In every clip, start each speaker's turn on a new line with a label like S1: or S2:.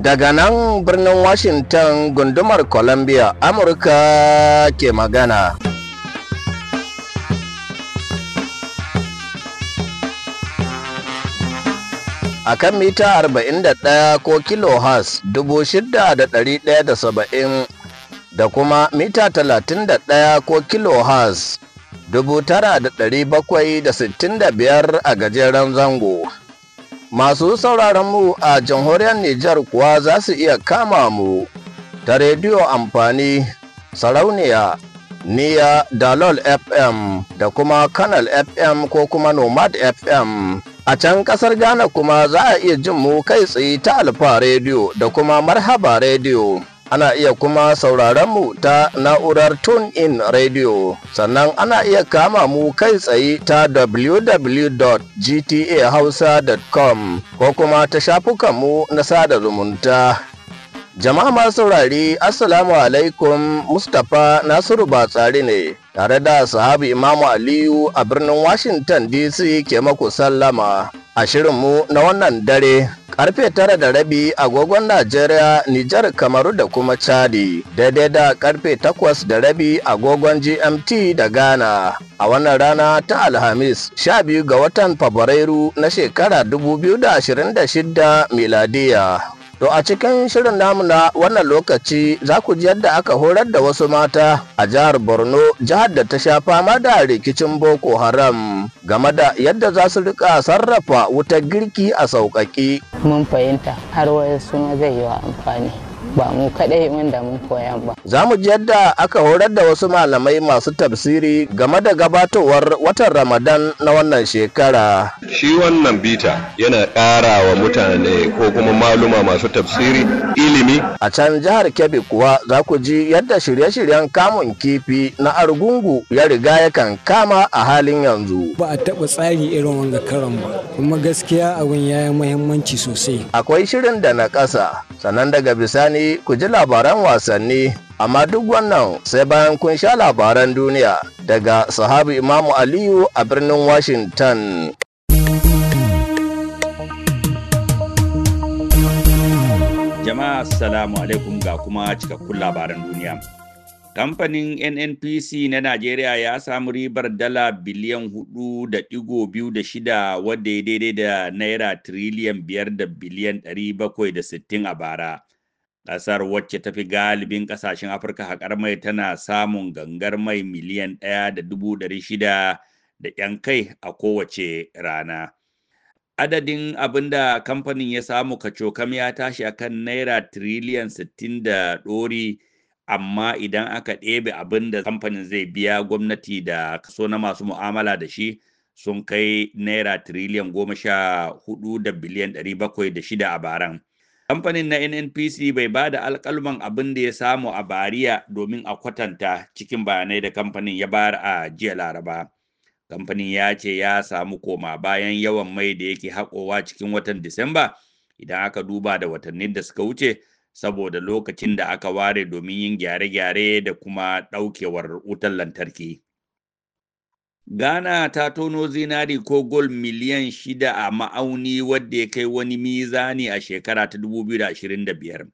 S1: Daga nan birnin Washington gundumar Columbia, Amurka ke magana. a kan mita 41 ko kilo has 6,170 da kuma mita 31 ko kilo has 9,765 a gajeren zango. masu sauraron mu a jamhuriyar Nijar kuwa za su iya kama mu ta rediyo amfani sarauniya niya dalol fm da kuma kanal fm ko kuma nomad fm a can kasar ghana kuma za a iya jin mu kai tsaye ta alfa rediyo da kuma marhaba rediyo ana iya kuma sauraron mu ta na'urar tune in radio sannan ana iya kama mu kai tsaye ta www.gtahausa.com ko kuma ta shafukan mu na sada zumunta jama'a masu saurari assalamu alaikum mustapha nasiru batsari ne tare da sahabi imamu aliyu a birnin washington dc ke maku sallama a shirinmu na wannan dare karfe tara da rabi agogon Najeriya, Nijar, Kamaru da kuma Chadi, daidai da karfe takwas da rabi agogon GMT da Ghana. A wannan rana ta Alhamis, sha biyu ga watan Fabrairu na shekara dubu biyu da da shida miladiya. To a cikin shirin namu na wannan lokaci za ku ji yadda aka horar da wasu mata a jihar Borno jihar da ta sha fama da rikicin Boko Haram game da yadda za
S2: su rika sarrafa wutar girki a sauƙaƙe. Mun fahimta har wayan suna zai yi wa amfani. ba mu kaɗai wanda mun koya ba.
S1: Za mu ji yadda aka horar da wasu malamai masu tafsiri game da gabatowar watan Ramadan na wannan shekara. Shi wannan bita yana ƙara wa mutane ko kuma maluma masu tafsiri ilimi. A can jihar Kebbi kuwa za ku ji yadda shirye-shiryen kamun kifi na argungu ya riga yakan kama a halin yanzu.
S3: Ba a taɓa tsari irin wanga karon ba, kuma gaskiya abin ya yi muhimmanci sosai.
S1: Akwai shirin da na ƙasa, sannan daga bisani wasanni ku ji labaran wasanni amma duk wannan sai bayan kun sha labaran duniya daga sahabi imamu aliyu a birnin washington
S4: jama'a assalamu alaikum ga kuma cikakkun labaran duniya kamfanin nnpc na najeriya ya samu ribar dala biliyan hudu da digo biyu wadda ya daidai da naira tiriliyan biyar da biliyan ɗari bakwai da sittin a bara Ƙasar wacce ta fi galibin ƙasashen Afirka haƙar mai tana samun gangar mai miliyan ɗaya da dubu ɗari shida da ‘yan kai a kowace rana. Adadin abin da kamfanin ya samu kacokam ya tashi a kan naira tiriliyan sittin da ɗori amma idan aka ɗebe abin da kamfanin zai biya gwamnati da kaso na masu mu'amala da shi sun kai naira tiriliyan goma sha hudu da biliyan ɗari bakwai da shida a baran. Kamfanin na NNPC bai ba da alkalman abin da ya samu a bariya domin a kwatanta cikin bayanai da kamfanin ya bayar a jiya Laraba. Kamfanin ya ce ya samu koma bayan yawan mai da yake haƙowa cikin watan Disamba idan aka duba da watannin da suka wuce saboda lokacin da aka ware domin yin gyare-gyare da kuma ɗaukewar wutar lantarki. Ghana ta tono zinari ko gol miliyan shida a ma'auni wadda ya kai wani mizani a shekara ta 2025,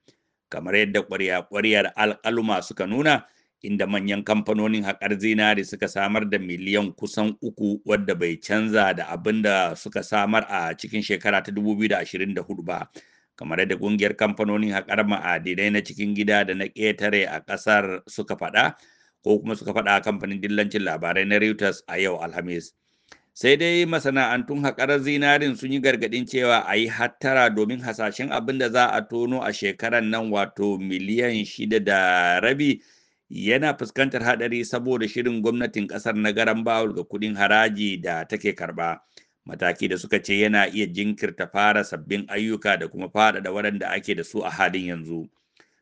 S4: kamar yadda ƙwarya-ƙwaryar alƙaluma suka nuna inda manyan kamfanonin haƙar zinari suka samar da miliyan kusan uku wadda bai canza da abin da suka samar a cikin shekara ta 2024 ba. kamar yadda ƙungiyar kamfanonin haƙar ma'adinai na cikin gida da na ƙetare a ƙasar suka faɗa ko kuma suka faɗa a kamfanin dillancin labarai na Reuters a yau Alhamis. Sai dai masana'antun haƙarar zinarin sun yi gargaɗin cewa a yi hattara domin hasashen abin da za a tono a shekarar nan wato miliyan shida da rabi yana fuskantar haɗari saboda shirin gwamnatin ƙasar na garan bawul ga kuɗin haraji da take karɓa. mataki da suka ce yana iya jinkirta fara sabbin ayyuka da kuma faɗaɗa waɗanda ake da su a halin yanzu.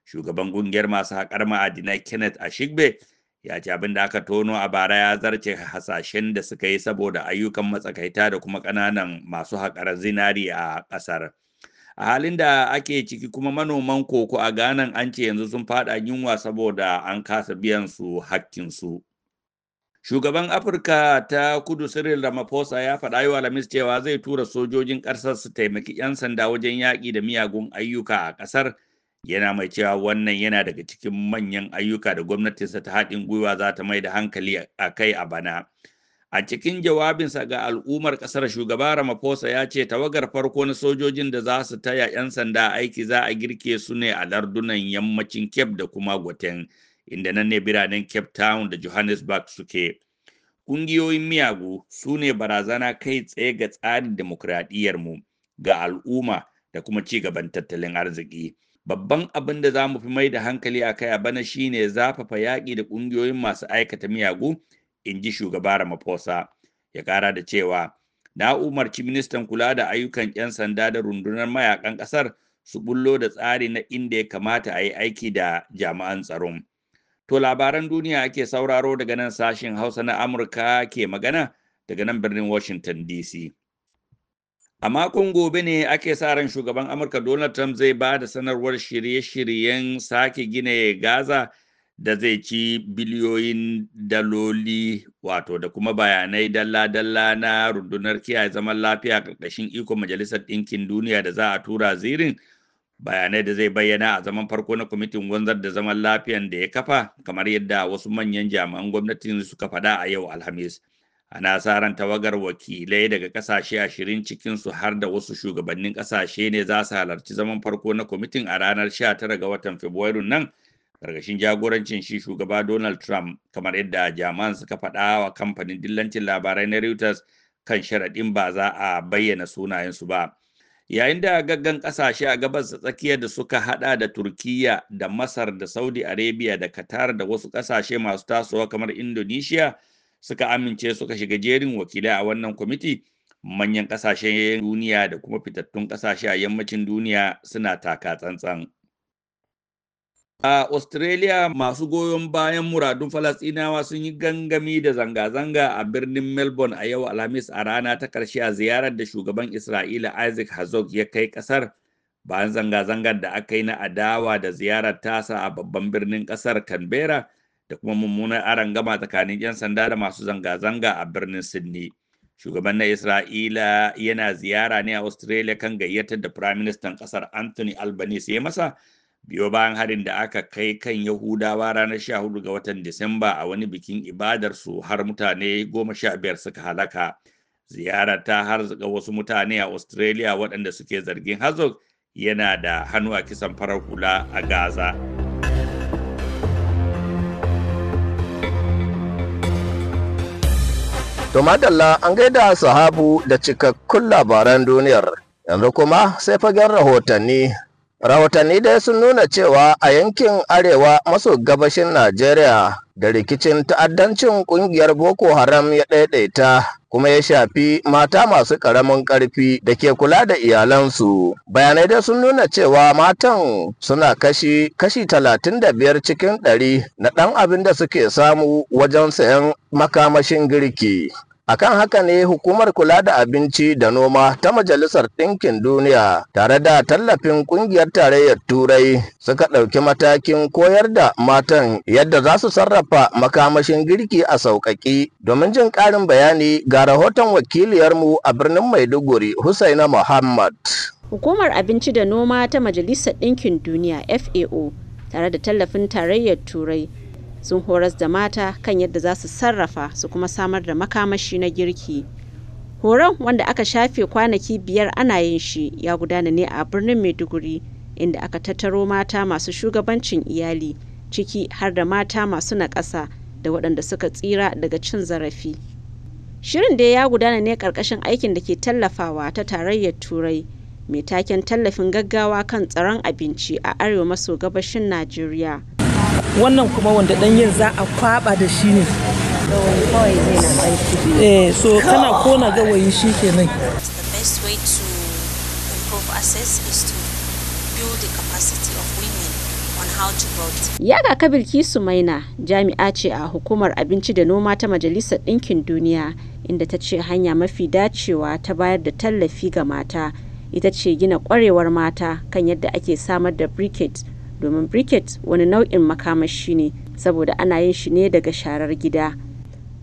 S4: Shugaban ƙungiyar masu haƙar ma'adinai Kenneth Ashigbe ya ce abin da aka tono a bara ya zarce hasashen da suka yi saboda ayyukan matsakaita da kuma ƙananan masu haƙar zinari a ƙasar a halin da ake ciki kuma manoman koko a ganan an ce yanzu sun faɗa yunwa saboda an kasa biyan su hakkin su. shugaban afirka ta kudu cyril ramaphosa ya faɗa yau alhamis cewa zai tura sojojin ƙasar su taimaki 'yan sanda wajen yaƙi da miyagun ayyuka a ƙasar yana mai cewa wannan yana daga cikin manyan ayyuka da gwamnatinsa ta haɗin gwiwa za ta mai da hankali a kai a bana a cikin jawabinsa ga al'ummar ƙasar shugaba ramaphosa ya ce tawagar farko na sojojin da za su taya 'yan sanda aiki za a girke su ne a lardunan yammacin cape da kuma gwaten inda nan ne biranen cape town da johannesburg suke ƙungiyoyin miyagu su ne barazana kai tsaye ga tsarin dimokuraɗiyyarmu ga al'umma da kuma ci gaban tattalin arziki babban abin da za mu fi mai da hankali a kai a bana shine zafafa yaƙi da ƙungiyoyin masu aikata miyagu in ji shugaba Ramaphosa ya ƙara da cewa na umarci ministan kula da ayyukan 'yan sanda da rundunar mayakan ƙasar su bullo da tsari na inda ya kamata a yi aiki da jami'an tsaron. To labaran duniya ake sauraro daga nan sashen Hausa na Amurka ke magana daga nan birnin Washington DC. A makon gobe ne ake sa ran shugaban Amurka Donald Trump zai ba da sanarwar shirye-shiryen sake gina Gaza da zai ci biliyoyin daloli wato da kuma bayanai dalla-dalla na rundunar kiyaye zaman lafiya karkashin ikon Majalisar Ɗinkin Duniya da za a tura zirin bayanai da zai bayyana a zaman farko na kwamitin wanzar da zaman lafiyan da ya kafa kamar yadda wasu manyan jami'an gwamnati suka faɗa a yau Alhamis. a sa tawagar wakilai daga kasashe ashirin cikinsu har da wasu shugabannin kasashe ne za su halarci zaman farko na kwamitin a ranar 19 ga watan fabrairu nan gargashin jagorancin shi shugaba donald trump kamar yadda jami'an suka faɗa wa kamfanin dillancin labarai na reuters kan sharaɗin ba za a bayyana sunayensu ba yayin da gaggan kasashe a gabas tsakiyar da suka hada da turkiya da masar da saudi arabia da qatar da wasu kasashe masu tasowa kamar indonesia suka amince suka shiga jerin wakilai a wannan kwamiti manyan ƙasashen duniya da kuma fitattun ƙasashe a yammacin duniya suna taka tsantsan. A Australia masu goyon bayan muradun Falasɗinawa sun yi gangami da zanga-zanga a birnin Melbourne a yau Alhamis a rana ta ƙarshe a ziyarar da shugaban Isra'ila Isaac Herzog ya kai ƙasar bayan zanga-zangar da aka yi na adawa da ziyarar tasa a babban birnin ƙasar Canberra da kuma mummunar arangama tsakanin 'yan sanda da masu zanga-zanga a birnin Sydney. Shugaban na Isra'ila yana ziyara ne a Australia kan gayyatar da Firaministan ƙasar Anthony Albanese ya masa biyo bayan harin da aka kai kan Yahudawa ranar 14 ga watan Disamba a wani bikin ibadarsu har mutane goma sha biyar suka halaka. Ziyara ta har harzuka wasu mutane a Australia waɗanda suke zargin hazok yana da hannu a kisan farar hula a Gaza.
S1: To madalla an gaida sahabu da cikakkun labaran duniyar, yanzu kuma sai fagen rahotanni rahotanni dai sun nuna cewa a yankin arewa maso gabashin najeriya da rikicin ta'addancin kungiyar boko haram ya ɗaiɗaita kuma ya shafi mata masu ƙaramin ƙarfi da ke kula da iyalansu bayanai dai sun nuna cewa matan suna kashi kashi talatin da biyar cikin ɗari na ɗan abin da suke samu wajen sayan makamashin girki Akan haka ne hukumar kula da abinci da noma ta Majalisar Ɗinkin Duniya tare da tallafin ƙungiyar tarayyar Turai suka ɗauki matakin koyar da matan yadda za su sarrafa makamashin girki a sauƙaƙi. Domin jin ƙarin bayani ga rahoton wakiliyarmu a birnin Maiduguri Husaina Muhammad.
S2: Hukumar Abinci da Noma ta Majalisar Ɗinkin Duniya FAO tare da tallafin tarayyar Turai sun horas da mata kan yadda za su sarrafa su kuma samar da makamashi na girki. Horon wanda aka shafe kwanaki biyar ana yin shi ya gudana ne a birnin Maiduguri inda aka tattaro mata masu shugabancin iyali ciki har da mata masu naƙasa da waɗanda suka tsira daga cin zarafi. Shirin da ya gudana ne ƙarƙashin aikin da ke tallafawa ta tarayyar Turai mai taken tallafin gaggawa kan tsaron abinci a arewa maso gabashin Najeriya.
S5: wannan kuma wanda ɗanyen za a kwaba da shi ne eh so kana kona gawayi shi kabil
S2: Kabilki Sumaina jami'a ce a hukumar abinci da noma ta Majalisar Ɗinkin Duniya inda ta ce hanya mafi dacewa ta bayar da tallafi ga mata ita ce gina kwarewar mata kan yadda ake samar da briquette domin bricket wani nau'in makamashi ne saboda ana yin shi ne daga sharar gida.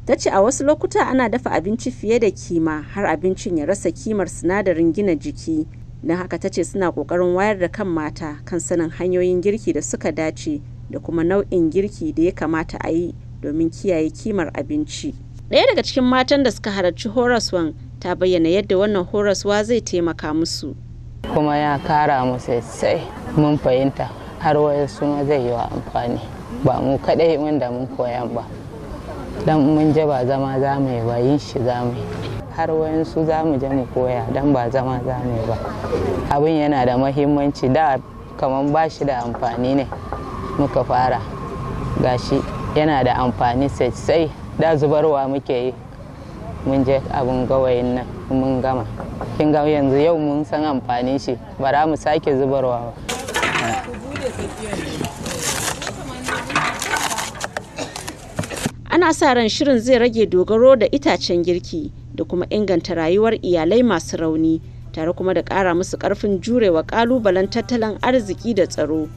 S2: Ta ce a wasu lokuta ana dafa abinci fiye da kima har abincin ya rasa kimar sinadarin gina jiki. Don haka ta ce suna ƙoƙarin wayar da kan mata kan sanin hanyoyin girki da suka dace da kuma nau'in girki da ya kamata a yi domin kiyaye kimar abinci. Ɗaya daga cikin matan da suka halarci horaswan ta bayyana yadda wannan horaswa zai taimaka musu. Kuma ya kara mu sosai mun fahimta har wayansu ma zai yi wa amfani ba mu kadai wanda mun koya ba dan mun je ba zama za mu yi ba yin shi za mu yi har wayansu za mu je mu koya dan ba zama za mu yi ba abin yana da mahimmanci da kamar ba shi da amfani ne muka fara gashi yana da amfani sosai da zubarwa muke yi mun je abin gawayin nan mun gama kin ga yanzu yau mun san amfanin shi bara mu sake zubarwa ba Ana sa ran shirin zai rage dogaro da itacen girki da kuma inganta rayuwar iyalai masu rauni tare kuma da ƙara musu ƙarfin jurewa ƙalubalen tattalin arziki da tsaro.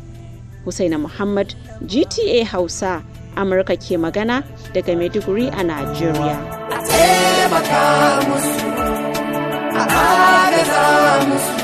S2: Husaina Muhammad, GTA Hausa, Amurka ke magana daga Maiduguri a Najeriya.
S5: A taimaka musu, a musu.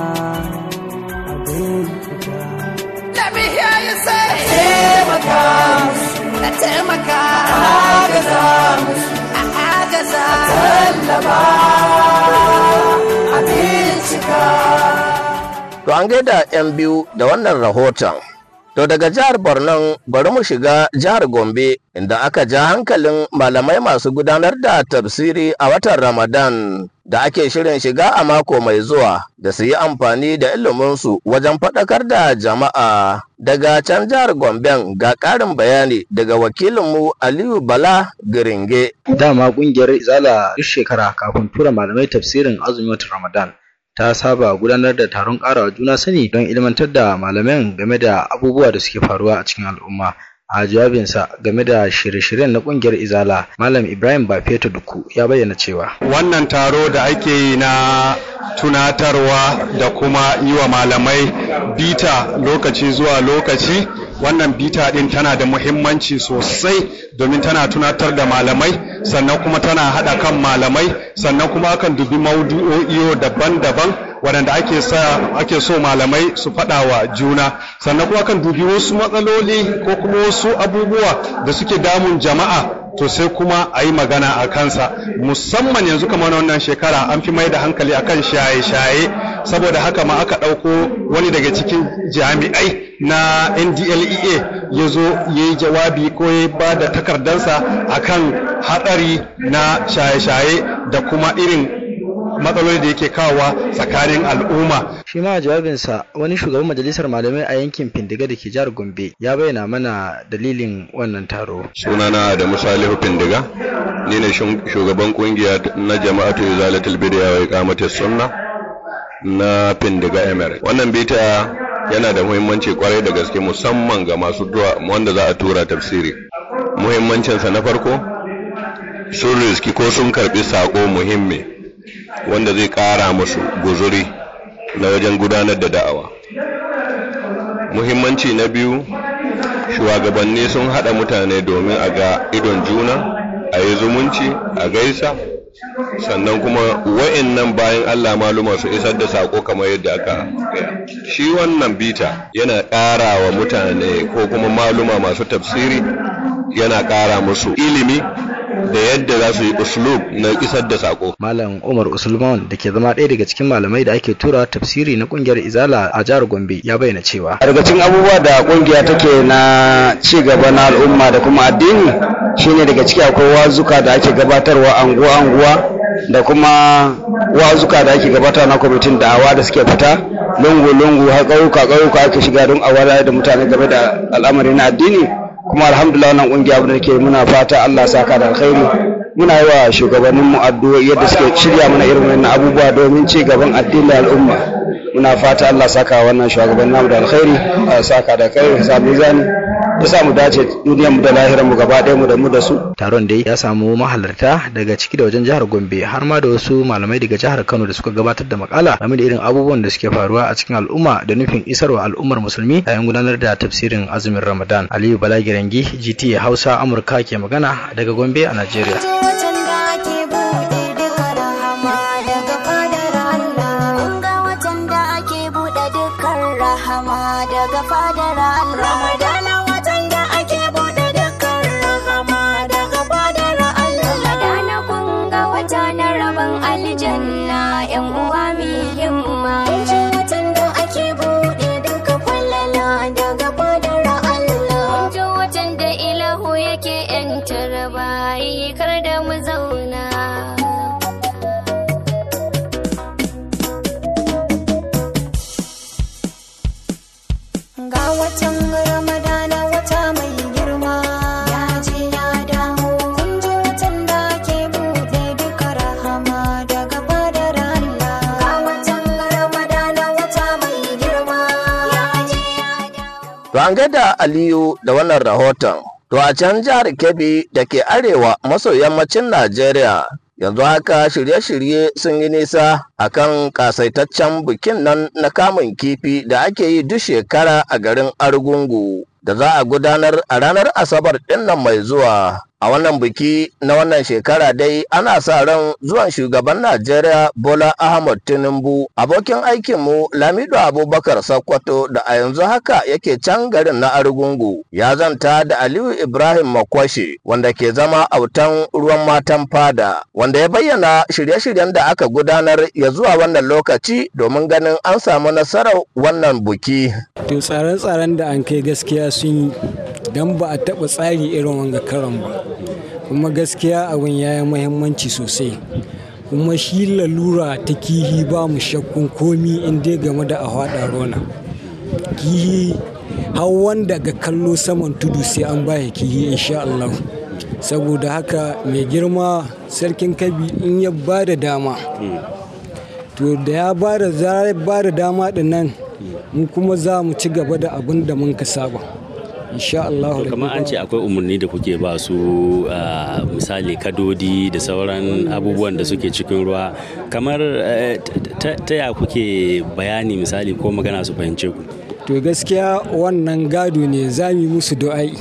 S2: taimaka musu a taimaka a agaza
S6: musu
S3: a agaza a a bincika
S1: to an gaida 'yan biyu da wannan rahoton To daga jihar Borno bari mu shiga jihar Gombe inda aka ja hankalin malamai masu gudanar da tafsiri a watan Ramadan da ake shirin shiga a mako mai zuwa da su yi amfani da iliminsu wajen faɗakar da jama'a. Daga can jihar Gomben ga ƙarin bayani daga wakilinmu Aliyu Bala Giringe. Dama ƙungiyar Izala duk shekara kafin tura malamai tafsirin azumin watan
S7: Ramadan ta saba gudanar da taron ƙarawa juna sani don ilmantar da malaman game da abubuwa da suke faruwa a cikin al'umma a jawabinsa game da shirye-shiryen na ƙungiyar izala malam ibrahim bafeto duku ya bayyana cewa
S6: wannan taro da ake yi na tunatarwa da kuma yi wa malamai bita lokaci zuwa lokaci wannan bita ɗin tana da muhimmanci sosai domin tana tunatar da malamai sannan kuma tana haɗa kan malamai sannan kuma akan dubi maudu'o'iyo daban-daban waɗanda ake so malamai su faɗa wa juna sannan kuma akan dubi wasu matsaloli ko kuma wasu abubuwa da suke damun jama'a to sai kuma a yi magana a kansa musamman yanzu kamar wannan shekara an fi mai da hankali akan shaye-shaye saboda haka ma aka ɗauko wani daga cikin jami'ai na ndlea ya zo ya yi jawabi ko ya ba da takardansa kan haɗari na shaye-shaye da kuma irin matsaloli da yake kawowa
S7: tsakanin al'umma. Shi ma jawabinsa wani shugaban majalisar malamai a yankin Findiga da ke jihar Gombe ya bayyana mana dalilin wannan taro.
S6: Sunana da Salihu Findiga, ni ne shugaban kungiya na jama'atu zalatul Bidiya wa Iqamatus Sunna. na Pindiga emir Wannan bita yana da muhimmanci kwarai da gaske musamman ga masu duwa wanda za a tura tafsiri. Muhimmancinsa na farko, sun riski ko sun karbi sako muhimmi wanda zai ƙara musu guzuri na wajen gudanar da da'awa. Muhimmanci na biyu, shugabanni sun haɗa mutane domin a ga idon juna, a yi zumunci, a gaisa, sannan kuma wa'annan bayan Allah maluma su isar da sako kamar yadda aka shi wannan bita yana ƙara wa mutane ko kuma maluma masu tafsiri yana ƙara musu ilimi da yadda za su yi uslub na isar da sako.
S7: Malam Umar Usulman da ke zama ɗaya daga cikin malamai da ake tura tafsiri na kungiyar Izala a jihar Gombe ya bayyana cewa. Daga cikin abubuwa
S6: da kungiya take na ci gaba na al'umma da kuma addini shine daga ciki akwai wazuka da ake gabatarwa anguwa-anguwa da kuma wazuka da ake gabata na kwamitin da'awa da suke fita lungu-lungu har ƙauyuka-ƙauyuka ake shiga don a da mutane game da al'amari na addini kuma alhamdulillah wannan kungiya abin da ke muna fata Allah saka da alkhairi muna yi wa shugabannin mu addu'o'i yadda suke shirya mana irin wannan abubuwa domin ci gaban addinin al'umma muna fata Allah saka wannan shugabannin mu da alkhairi saka da kai sabu zani ya sa mu dace duniyar mu da lahirar mu gaba ɗaya mu da mu
S7: da su taron dai ya samu mahalarta daga ciki da wajen jihar Gombe har ma da wasu malamai daga jihar Kano da suka gabatar da makala game da irin abubuwan da suke faruwa a cikin al'umma da nufin isarwa al'ummar musulmi yayin gudanar da tafsirin azumin Ramadan Aliyu Bala GT Hausa Amurka ke magana daga Gombe a Najeriya
S1: An da Aliyu da wannan rahoton. To a can jihar Kebbi da ke arewa maso yammacin Najeriya yanzu haka shirye-shirye sun yi nisa a kan kasaitaccen bikin nan na kamun kifi da ake yi duk shekara a garin Argungu da za a gudanar a ranar Asabar ɗinnan mai zuwa. A wannan biki na wannan shekara dai ana sa ran zuwan shugaban Najeriya Bola Ahmad Tinubu abokin aikinmu Lamido Abubakar Sakkwato da a yanzu haka yake can garin na Argungu ya zanta da Aliyu Ibrahim Makwashi wanda ke zama autan ruwan matan fada wanda ya bayyana shirye-shiryen da aka gudanar ya zuwa wannan lokaci domin ganin an samu nasarar wannan
S3: biki. To tsare-tsaren da an kai gaskiya sun yi don ba a taɓa tsari irin wanga karon ba. kuma gaskiya abin ya yi muhimmanci sosai kuma shi lalura ta kihi ba mu shakkun komi in dai game da a rona kihi har wanda ga kallo saman tudu sai an baya kihi insha Allah saboda haka mai girma sarkin kabi in ya ba da dama to da ya ba da dama dinnan mu kuma za mu ci gaba da abin da mun ka saba. insha Allah
S5: kamar an ce akwai umarni da kuke ba su misali kadodi da sauran abubuwan da suke cikin ruwa kamar eh, ta ya kuke bayani misali ko magana su fahimce ku
S3: to gaskiya wannan gado ne za mu musu do'ai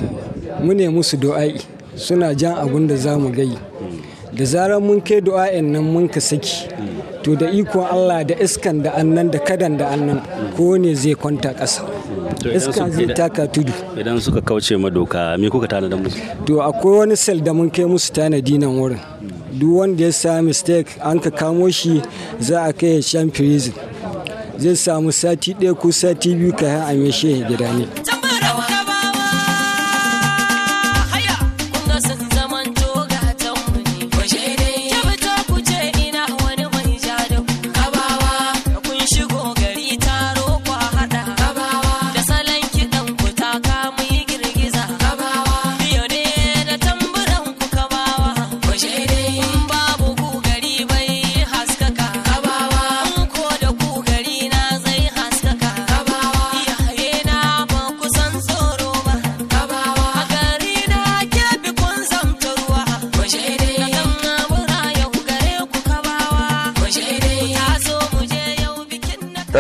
S3: mu ne musu do'ai suna jan abun da za mu gai da zarar mun kai do'a'in nan mun ka saki hmm. to da ikon Allah da iskan da annan da kadan da annan ko ne zai kwanta ƙasa iska zai taka
S5: tudu idan suka kauce madoka me kuka tanada musu
S3: to akwai wani sel da mun kai musu tanadi nan wurin duk wanda ya sa mistake an ka kamo shi za a kai shan prison zai samu sati ɗaya ko sati biyu ka a mai shehe gida ne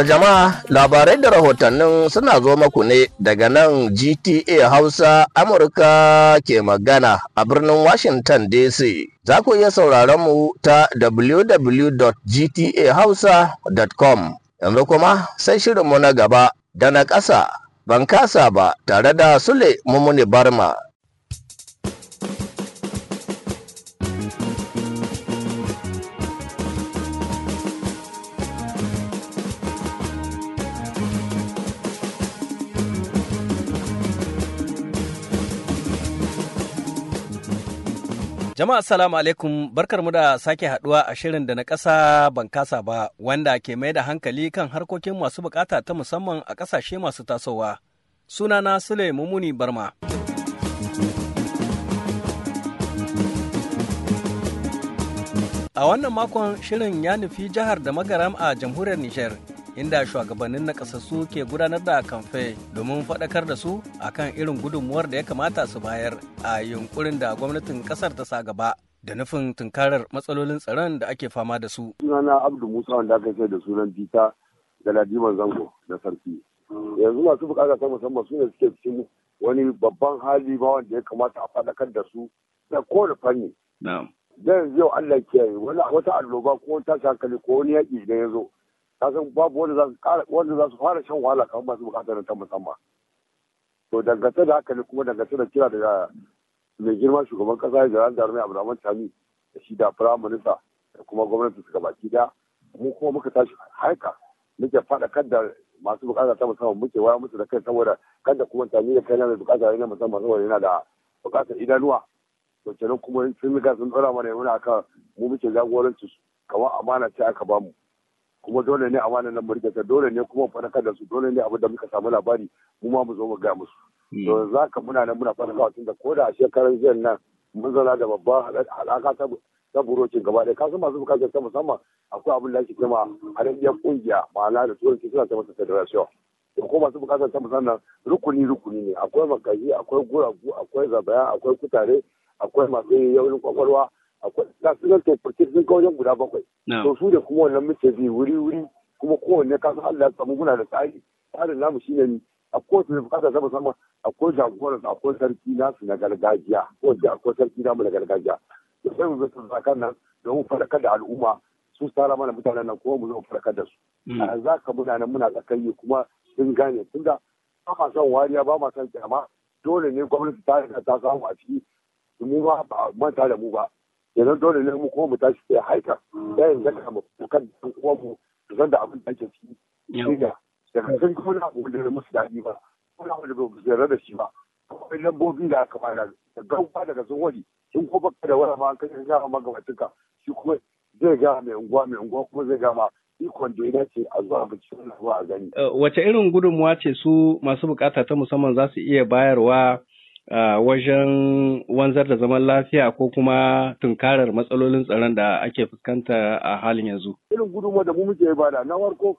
S1: To jama'a labarai da rahotannin suna zo maku ne daga nan GTA Hausa Amurka ke magana a birnin Washington DC. Za ku iya sauraron mu ta www.gtahausa.com. Yanzu kuma sai shirinmu na gaba da na ƙasa ban kasa ba tare da Sule Mumuni Barma.
S5: Jama'a salamu alaikum mu da sake haduwa a shirin da na ƙasa ban kasa ba wanda ke mai da hankali kan harkokin masu bukata ta musamman a ƙasashe masu tasowa. Sunana Sule Mumuni Barma. A wannan makon shirin ya nufi jihar da magaram a jamhuriyar Nijar inda shugabannin nakasassu ke gudanar da kamfe domin faɗakar da su akan irin gudunmuwar da ya kamata su bayar a yunkurin da gwamnatin ƙasar ta sa gaba. da nufin tunkarar matsalolin tsaron da ake fama da su.
S8: Sunana Abdu Musa wanda aka kai da sunan Bita da Ladiman Zango na sarki. Yanzu masu bukata ta musamman su ne suke cikin wani babban hali ba wanda ya kamata a faɗakar da su da kowane fanni. Da yanzu yau Allah kiyaye wata alloba ko ta hankali ko wani yaƙi da ya zo ka san babu wanda za su wanda za su fara shan wahala kamar masu bukatar ta musamman to dangantar da haka ne kuma dangantar da kira daga mai girma shugaban kasa jiran armai abdulrahman tani da shi da firayim minista da kuma gwamnati suka baki da mu kuma muka tashi haika muke kan da masu bukatar ta musamman muke waya musu da kai saboda da kuma tani da kaina mai bukata ne musamman saboda yana da bukatar idanuwa to kenan kuma sun riga sun tsara mana yana akan mu muke su kamar amana ce aka bamu kuma dole ne a wani nan murgata dole ne kuma faɗakar da su dole ne abin da muka samu labari mu ma mu zo mu ga musu hmm. to za ka muna nan muna faɗakarwa tun da koda a shekarar jiya nan mun zana da babban alaka ta ta burocin gaba ɗaya kasu masu bukatar ta musamman akwai abin da ake iya kungiya ƙungiya ma'ana da turanci suna ta masa federation da ko masu bukatar ta musamman rukuni rukuni ne akwai makashi akwai guragu akwai zabaya akwai kutare akwai masu yaurin kwakwalwa akwai gasunan tofarki sun kawo wajen guda bakwai to su da kuma wannan muke bi wuri wuri kuma kowanne kasan Allah ya samu muna da tsari tsarin namu shine ni a kowace da bukata sama sama akwai jagoran akwai sarki nasu na gargajiya kowace akwai sarki namu na gargajiya da sai mu zo su zakan nan domin faɗakar da al'umma su tsara mana mutanen nan kuma mu zo faɗakar da su mm. a za ka muna nan muna tsakayi kuma sun gane tunda ba ma son wariya ba ma son kyama dole ne gwamnati ta ta samu a ciki mu ba manta da mu ba yanzu dole ne mu kuma mu tashi sai haika da mm. yin daga mu kan dan kuwa mu zan da abin da ake ciki shine da kan san kuma na da musu dadi ba kuma da ba zai rada shi ba kuma ina bobi da aka fara da gauba daga zuwari sun ko baka da wani ma an ga ma gabatinka shi kuma zai ga mai unguwa mai unguwa kuma zai ga ma ikon da ya ce a zuwa a gani.
S5: Eh, wace irin gudunmuwa ce su masu bukata ta musamman za su iya bayarwa wajen wanzar da zaman lafiya ko kuma tunkarar matsalolin tsaron da ake fuskanta a halin yanzu?
S8: Irin gudunmawar da mu muke bada na farko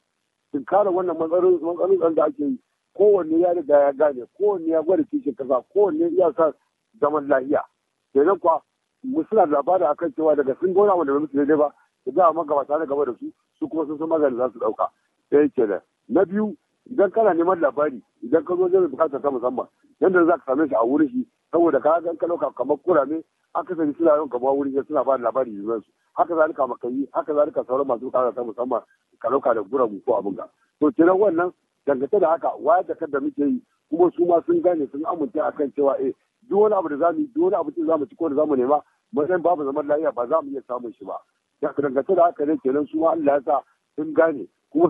S8: tunkarar wannan matsalolin tsaron da ake yi kowanne ya riga ya gane kowanne ya gwada kishin kasa kowanne ya sa zaman lafiya. Kenan kuwa mu suna labarin akan cewa daga sun gona wanda bai daidai ba su ga magabata na gaba da su su kuma sun san magani za su ɗauka. Ɗaya Na biyu idan kana neman labari idan ka zo zai bukatar ta musamman yadda za ka same shi a wurin shi saboda ka ga kalau kamar kurame sani suna yawan kamar wurin shi suna ba da labari junan su haka zalika makayi haka za ka sauran masu kara ta musamman ka kalauka da guramu ko abin ga to kiran wannan dangance da haka wayar da kadda muke yi kuma su ma sun gane sun amince akan cewa eh duk wani abu da mu yi duk wani abu da za mu ci ko da za mu nema mun babu zaman lafiya ba za mu iya samun shi ba ya dangance da haka ne kenan su ma Allah ya sa sun gane kuma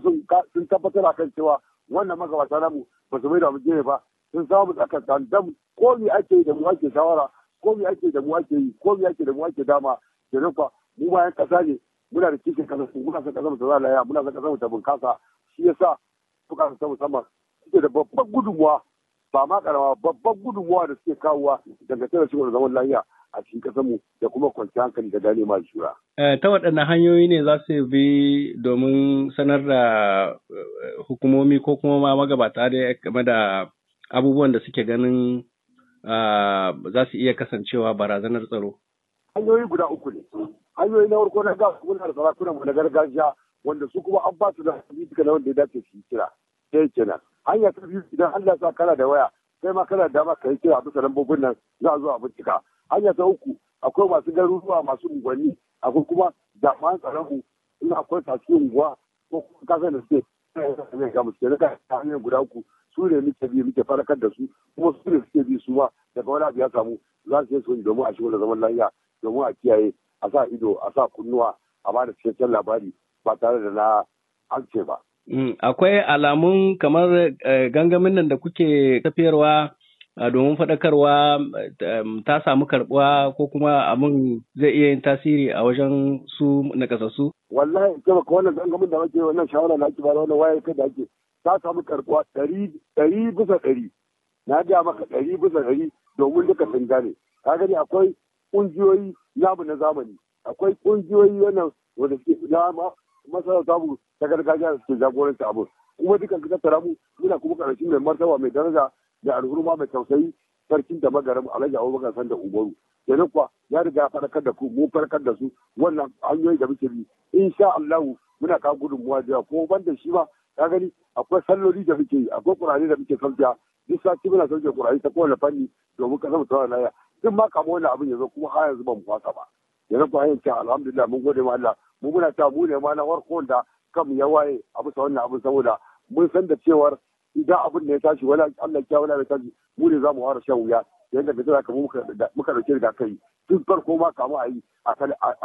S8: sun tabbatar akan cewa wannan magabata namu ba su mai da mu ba sun samu tsakar dam ko mi ake yi da mu ake shawara ko mi ake da mu ake yi ko mi ake da mu ake dama da rufa mu bayan kasa ne muna da cikin kasa su muna son kasa mu ta laya muna son kasa mu ta bunkasa shi yasa suka san musamman suke da babban gudunmuwa ba ma karama babban gudunmuwa da suke kawowa dangantar da cikin zaman lafiya a cikin kasa mu da kuma kwanciyar hankali da gane ma shura.
S5: Eh, ta waɗanne hanyoyi ne za su bi domin sanar da eh, hukumomi ko kuma ma magabata da game da abubuwan da suke ganin ah, za su iya kasancewa barazanar tsaro?
S8: Hanyoyi guda uku ne. Hanyoyi na farko na gas kuna da sarakunan mu na gargajiya wanda su kuma an ba su da duka na wanda ya dace su yi kira. Sai kenan. Hanya ta biyu idan an sa kana da waya sai ma kana da dama ka yi kira a bisa lambobin nan za a zo a bincika. Hanya ta uku akwai masu garuruwa masu unguwanni akwai kuma jami'an tsaron mu in akwai tasiri unguwa ko kuma kasan da suke. Ne ga musu kenan ka hanyar guda uku su ne muke bi muke farakar da su kuma su ne suke bi su ma daga wani abu ya samu za su yi su domin a shigo da zaman lafiya domin a kiyaye a sa ido a sa kunnuwa a ba da cikakken labari ba tare da na an ce ba.
S5: Mm, akwai alamun kamar eh, gangamin nan da kuke tafiyarwa domin faɗakarwa ta samu karɓuwa ko kuma abin zai iya yin tasiri a wajen su na nakasassu?
S8: Wallahi, kuma wannan gangamin da muke wannan shawara da ake ba wannan wayar kai da ake ta samu karbuwa ɗari bisa ɗari na gaya maka ɗari bisa ɗari domin duka sun gane ka gani akwai ƙungiyoyi namu na zamani akwai ƙungiyoyi wannan wanda suke samu ta gargajiya da suke jagoranci abu kuma duka ka tattara mu muna kuma ƙarshen mai martaba mai daraja da alhurma mai tausayi sarkin da magaram alhaji abubakar sanda umaru kenan kuwa ya riga farkar da ku mu farkar da su wannan hanyoyi da muke bi insha allahu muna kawo gudunmuwa da kuma ban da shi ba. ka gani akwai salloli da muke yi akwai kurare da muke sauya duk sati muna sauke kurare ta kowane fanni domin kasar mu tana laya duk ma kama wani abin yanzu kuma har yanzu mu kwasa ba yanzu kuma yanzu alhamdulillah mun gode ma Allah mu muna ta mu ne ma na warko da kam ya waye a bisa wannan abin saboda mun san da cewar idan abin da ya tashi wala Allah ya wala ya tashi mu ne za mu fara shan wuya yadda ka ka muka dauke da kai tun farko ma kamu a yi a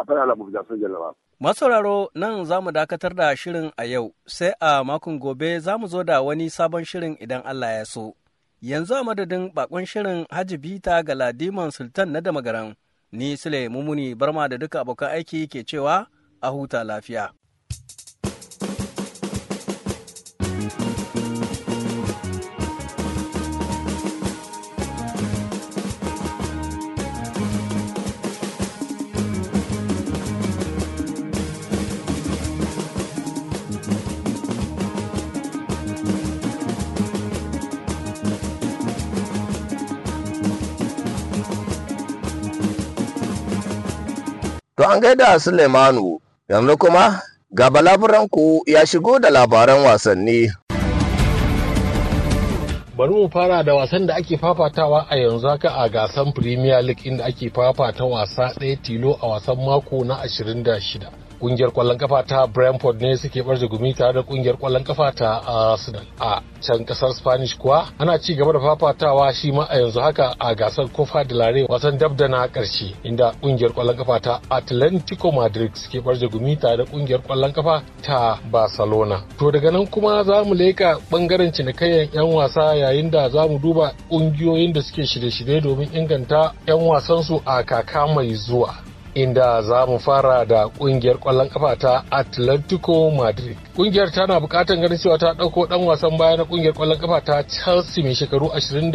S5: Masauraro nan za mu dakatar da shirin a yau sai a makon gobe za mu zo da wani sabon shirin idan Allah ya so. Yanzu a madadin bakon shirin Hajji Bita ga Ladiman Sultan na Damagaran, ni Sule Mumuni Barma da duka abokan aiki ke cewa a huta lafiya.
S1: To an gaida Suleimanu, yanzu kuma ga balaburanku ya shigo da labaran wasanni.
S9: Bari mu fara da wasan da ake fafatawa a yanzu haka a gasan Premier League inda ake fafata wasa ɗaya tilo a wasan mako na 26. kungiyar kwallon kafa ta brentford ne suke barje gumi tare da kungiyar kwallon kafa ta arsenal a can kasar spanish kuwa ana ci gaba da fafatawa shi ma a yanzu haka a gasar Copa da lare wasan dabda na karshe inda kungiyar kwallon kafa ta atlantico madrid suke barje gumi tare da kungiyar kwallon kafa ta barcelona to daga nan kuma za mu leka bangaren cinikayyar yan wasa yayin da za mu duba kungiyoyin da suke shirye-shirye domin inganta yan wasansu a kaka mai zuwa inda za mu fara da kungiyar kwallon kafa ta Atlantico Madrid. Kungiyar tana bukatar ganin cewa ta dauko dan wasan baya na kungiyar kwallon kafa ta Chelsea mai shekaru 27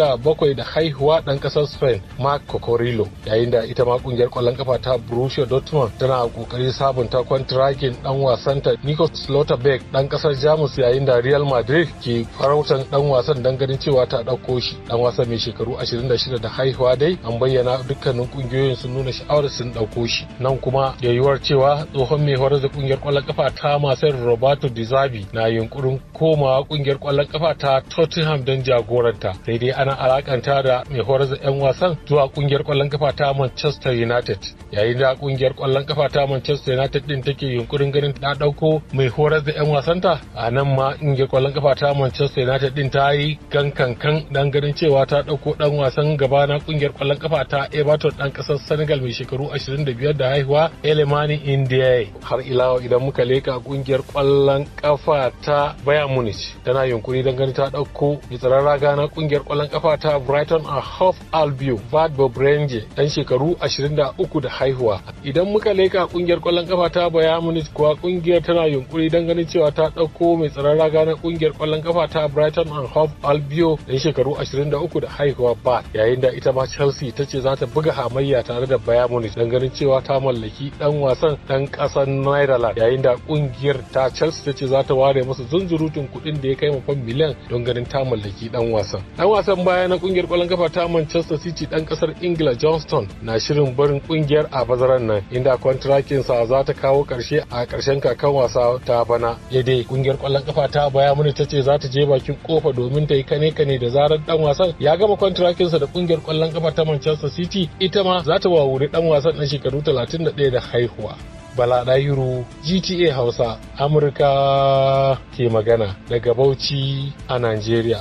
S9: da haihuwa dan kasar Spain, mark Cocorillo. Yayin da ita ma kungiyar kwallon kafa ta Borussia Dortmund tana kokari sabunta kwantiragin dan ta Nico Slotterbeck dan kasar Jamus yayin da Real Madrid ke farautan dan wasan dan ganin cewa ta dauko shi. Dan wasan mai shekaru 26 da haihuwa dai an bayyana dukkanin kungiyoyin sun nuna sha'awar sun dauko shi. shi nan kuma da yiwuwar cewa tsohon mai horar da kungiyar kwallon kafa ta masar roberto de zabi na yunkurin komawa kungiyar kwallon kafa ta tottenham don jagoranta sai dai ana alakanta da mai horar da yan wasan zuwa kungiyar kwallon kafa ta manchester united yayin da kungiyar kwallon kafa ta manchester united din take yunkurin ganin ta dauko mai horar da yan wasanta a nan ma kungiyar kwallon kafa ta manchester united din ta yi gankankan dan ganin cewa ta dauko dan wasan gaba na kungiyar kwallon kafa ta everton dan kasar senegal mai shekaru 22 biyar da haihuwa Elemani india har ilawa idan muka leka kungiyar kwallon kafa ta bayan Munich tana yunkuri don ganin ta dauko mitsarar raga na kungiyar kwallon kafa ta Brighton a half Albion Vad Bobrenge dan shekaru 23 da haihuwa idan muka leka kungiyar kwallon kafa ta bayan Munich kuwa kungiyar tana yunkuri don ganin cewa ta dauko mai tsaron raga na kungiyar kwallon kafa ta Brighton a half Albion dan shekaru 23 da haihuwa Bat yayin da ita ma Chelsea ta ce za ta buga hamayya tare da bayan Munich don ganin cewa cewa ta mallaki dan wasan dan kasar Netherlands yayin da kungiyar ta Chelsea ta ce za ta ware masa zunzurutun kuɗin da ya kai mafan miliyan don ganin ta mallaki dan wasan. Dan wasan baya na kungiyar kwallon kafa ta Manchester City dan kasar Ingila Johnston na shirin barin kungiyar a bazaran nan inda kwantrakin sa za ta kawo karshe a karshen kakan wasa ta bana. Yadda kungiyar kwallon kafa ta baya mini ta ce za ta je bakin kofa domin ta yi kane kane da zarar dan wasan ya gama kwantrakin sa da kungiyar kwallon kafa ta Manchester City ita ma za ta wawuri dan wasan na shekaru 31 da haihuwa. Bala Ɗahiru GTA Hausa Amurka ke magana daga Bauchi a Najeriya.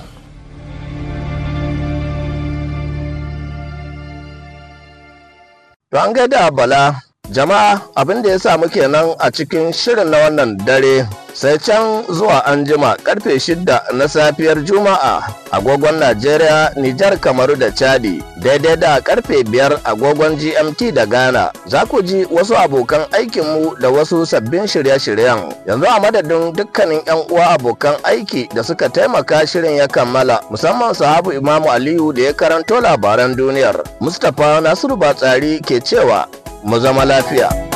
S9: To an gaida Bala
S1: Jama'a abin da ya samu kenan a cikin shirin na wannan dare sai can zuwa anjima karfe shidda na safiyar Juma'a agogon Najeriya, Nijar, Kamaru da Chadi daidai da karfe biyar agogon GMT da Ghana za ku ji wasu abokan aikinmu da wasu sabbin shirye-shiryen. Yanzu a madadin dukkanin 'yan uwa abokan aiki da suka taimaka shirin ya kammala musamman sahabu Imamu Aliyu da ya karanto labaran duniyar. Mustapha Nasiru Batsari ke cewa mu zama
S8: lafiya